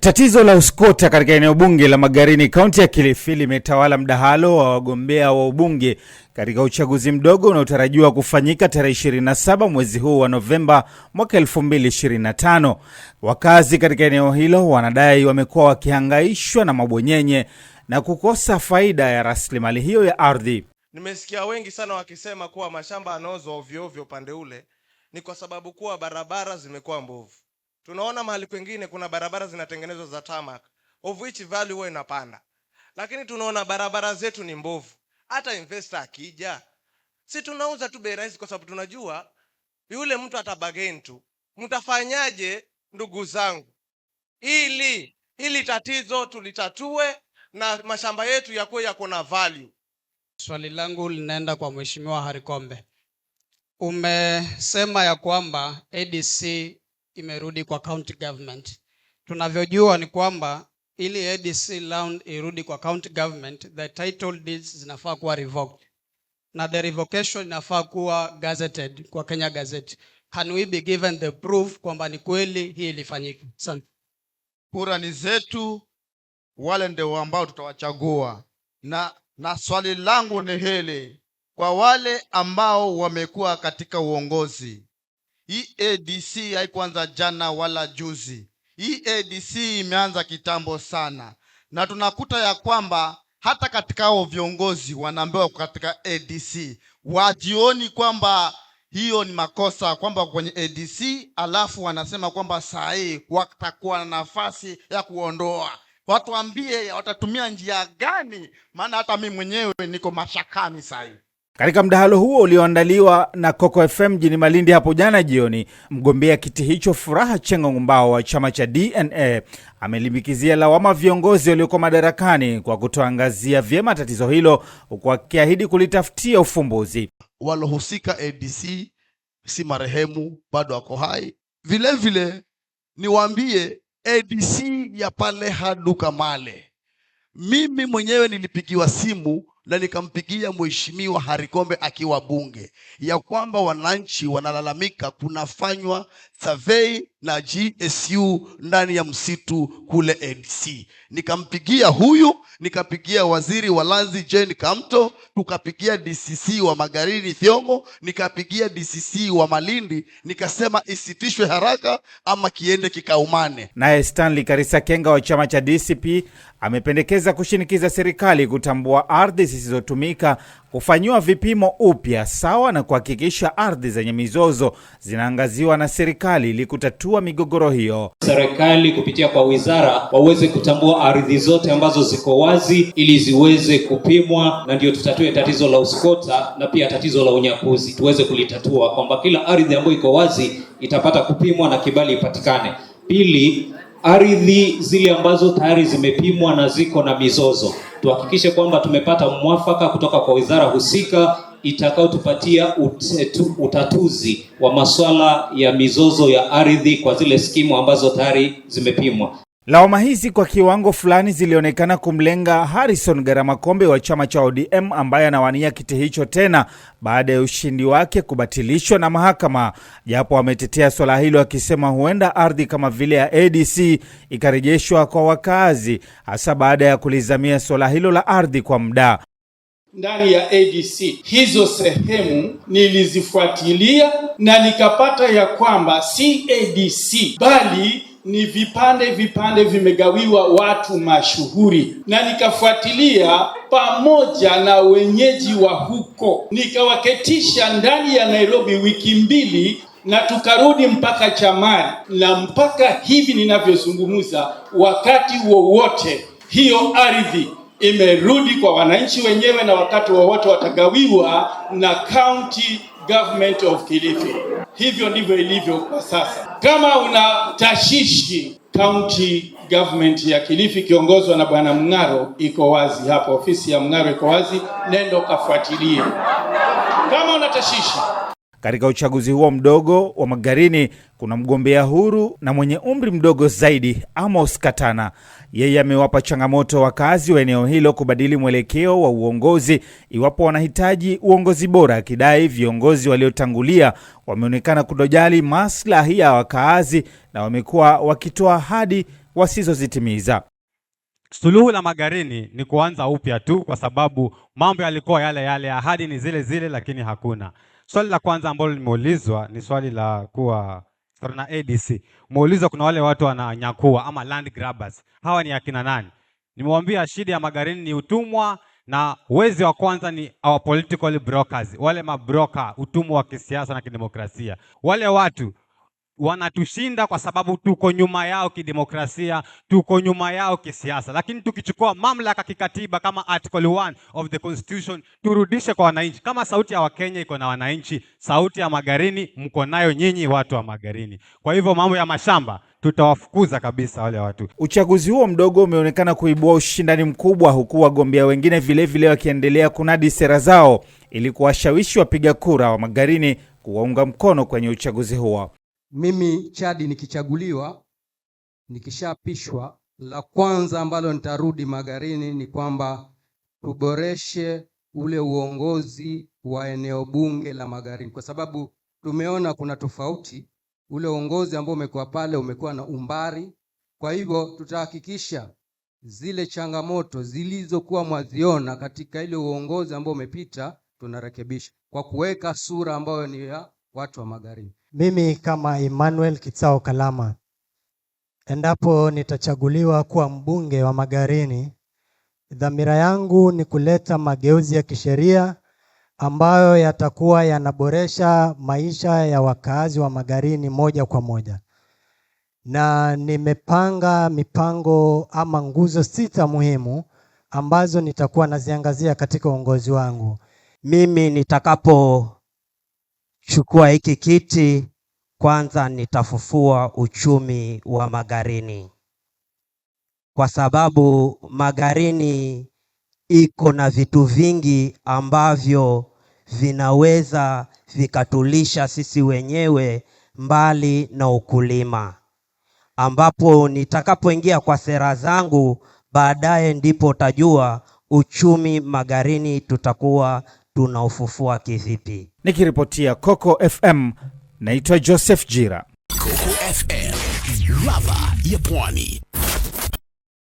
Tatizo la uskota katika eneo bunge la Magarini kaunti ya Kilifi limetawala mdahalo wa wagombea wa ubunge katika uchaguzi mdogo unaotarajiwa kufanyika tarehe 27 mwezi huu wa Novemba mwaka 2025. Wakazi katika eneo hilo wanadai wamekuwa wakihangaishwa na mabwenyenye na kukosa faida ya rasilimali hiyo ya ardhi. Nimesikia wengi sana wakisema kuwa mashamba yanaozwa ovyo ovyo upande ule ni kwa sababu kuwa barabara zimekuwa mbovu Tunaona mahali kwengine kuna barabara zinatengenezwa za tarmac, of which value huwa inapanda, lakini tunaona barabara zetu ni mbovu. Hata investor akija, si tunauza tu bei rahisi, kwa sababu tunajua yule mtu atabagain tu. Mtafanyaje ndugu zangu, ili hili tatizo tulitatue na mashamba yetu yakuwe yako na value. Swali langu linaenda kwa mheshimiwa Harikombe, Umesema ya kwamba ADC imerudi kwa county government. Tunavyojua ni kwamba ili ADC land irudi kwa county government, the title deeds zinafaa kuwa revoked na the revocation inafaa kuwa gazetted kwa Kenya Gazette. Can we be given the proof kwamba ni kweli hii ilifanyika? Asante. Kura ni zetu, wale ndio ambao tutawachagua, na na swali langu ni hili kwa wale ambao wamekuwa katika uongozi EADC haikuanza jana wala juzi. EADC imeanza kitambo sana, na tunakuta ya kwamba hata katika hao viongozi wanaambiwa katika ADC wajioni kwamba hiyo ni makosa kwamba kwenye ADC, alafu wanasema kwamba saa hii watakuwa na nafasi ya kuondoa. Watuambie watatumia njia gani? Maana hata mimi mwenyewe niko mashakani saa hii. Katika mdahalo huo ulioandaliwa na Coco FM mjini Malindi hapo jana jioni, mgombea kiti hicho Furaha Chengo Ngumbao wa chama cha DNA amelimbikizia lawama viongozi walioko madarakani kwa kutoangazia vyema tatizo hilo, huku akiahidi kulitafutia ufumbuzi. Walohusika ADC si marehemu, bado wako hai. Vilevile niwaambie ADC ya pale Haduka Male, mimi mwenyewe nilipigiwa simu na nikampigia mheshimiwa Harikombe akiwa bunge ya kwamba wananchi wanalalamika kunafanywa survey na GSU ndani ya msitu kule NC. Nikampigia huyu, nikapigia waziri wa lanzi Jane Kamto, tukapigia DCC wa Magharibi Thiongo, nikapigia DCC wa Malindi, nikasema isitishwe haraka ama kiende kikaumane. Naye Stanley Karisa Kenga wa chama cha DCP amependekeza kushinikiza serikali kutambua ardhi zisizotumika kufanyiwa vipimo upya sawa na kuhakikisha ardhi zenye mizozo zinaangaziwa na serikali ili kutatua migogoro hiyo. Serikali kupitia kwa wizara waweze kutambua ardhi zote ambazo ziko wazi ili ziweze kupimwa, na ndio tutatue tatizo la uskota na pia tatizo la unyakuzi, tuweze kulitatua kwamba kila ardhi ambayo iko wazi itapata kupimwa na kibali ipatikane. Pili, ardhi zile ambazo tayari zimepimwa na ziko na mizozo, tuhakikishe kwamba tumepata mwafaka kutoka kwa wizara husika itakayotupatia utatuzi wa masuala ya mizozo ya ardhi kwa zile skimu ambazo tayari zimepimwa. Lawama hizi kwa kiwango fulani zilionekana kumlenga Harrison garamakombe Kombe wa chama cha ODM ambaye anawania kiti hicho tena baada ya ushindi wake kubatilishwa na mahakama, japo ametetea swala hilo akisema huenda ardhi kama vile ya ADC ikarejeshwa kwa wakazi, hasa baada ya kulizamia swala hilo la ardhi kwa muda ndani ya ADC. Hizo sehemu nilizifuatilia na nikapata ya kwamba si ADC bali ni vipande vipande vimegawiwa watu mashuhuri, na nikafuatilia pamoja na wenyeji wa huko, nikawaketisha ndani ya Nairobi wiki mbili na tukarudi mpaka Chamari, na mpaka hivi ninavyozungumza, wakati wowote hiyo ardhi imerudi kwa wananchi wenyewe, na wakati wowote watagawiwa na kaunti government of Kilifi. Hivyo ndivyo ilivyo kwa sasa. Kama una tashishi, county government ya Kilifi ikiongozwa na bwana Mng'aro iko wazi hapo ofisi ya Mng'aro iko wazi, nenda ukafuatilie kama una tashishi katika uchaguzi huo mdogo wa Magarini kuna mgombea huru na mwenye umri mdogo zaidi, Amos Katana. Yeye amewapa changamoto wakazi wa eneo hilo kubadili mwelekeo wa uongozi iwapo wanahitaji uongozi bora, akidai viongozi waliotangulia wameonekana kutojali maslahi ya wakaazi na wamekuwa wakitoa ahadi wasizozitimiza. Suluhu la Magarini ni kuanza upya tu, kwa sababu mambo yalikuwa yale yale, ahadi ni zile zile, lakini hakuna Swali la kwanza ambalo limeulizwa ni swali la kuwa na ADC. Umeulizwa kuna wale watu wananyakua ama land grabbers. Hawa ni akina nani? Nimewambia shida ya magarini ni utumwa na wezi wa kwanza ni our political brokers, wale mabroka, utumwa wa kisiasa na kidemokrasia. Wale watu wanatushinda kwa sababu tuko nyuma yao kidemokrasia, tuko nyuma yao kisiasa. Lakini tukichukua mamlaka kikatiba kama article 1 of the constitution, turudishe kwa wananchi. Kama sauti ya Wakenya iko na wananchi, sauti ya Magarini mko nayo nyinyi, watu wa Magarini. Kwa hivyo mambo ya mashamba tutawafukuza kabisa wale watu. Uchaguzi huo mdogo umeonekana kuibua ushindani mkubwa, huku wagombea wengine vilevile wakiendelea kunadi sera zao ili kuwashawishi wapiga kura wa Magarini kuwaunga mkono kwenye uchaguzi huo mimi Chadi nikichaguliwa, nikishapishwa, la kwanza ambalo nitarudi Magarini ni kwamba tuboreshe ule uongozi wa eneo bunge la Magarini, kwa sababu tumeona kuna tofauti. Ule uongozi ambao umekuwa pale umekuwa na umbari. Kwa hivyo tutahakikisha zile changamoto zilizokuwa mwaziona katika ile uongozi ambao umepita tunarekebisha kwa kuweka sura ambayo ni ya watu wa Magarini. Mimi kama Emmanuel Kitsao Kalama, endapo nitachaguliwa kuwa mbunge wa Magarini, dhamira yangu ni kuleta mageuzi ya kisheria ambayo yatakuwa yanaboresha maisha ya wakaazi wa Magarini moja kwa moja, na nimepanga mipango ama nguzo sita muhimu ambazo nitakuwa naziangazia katika uongozi wangu mimi nitakapo chukua hiki kiti kwanza, nitafufua uchumi wa Magarini, kwa sababu Magarini iko na vitu vingi ambavyo vinaweza vikatulisha sisi wenyewe mbali na ukulima, ambapo nitakapoingia kwa sera zangu baadaye ndipo utajua uchumi Magarini tutakuwa tunaufufua kivipi? Nikiripotia Coco FM, naitwa Joseph Jira, Coco FM, ladha ya Pwani.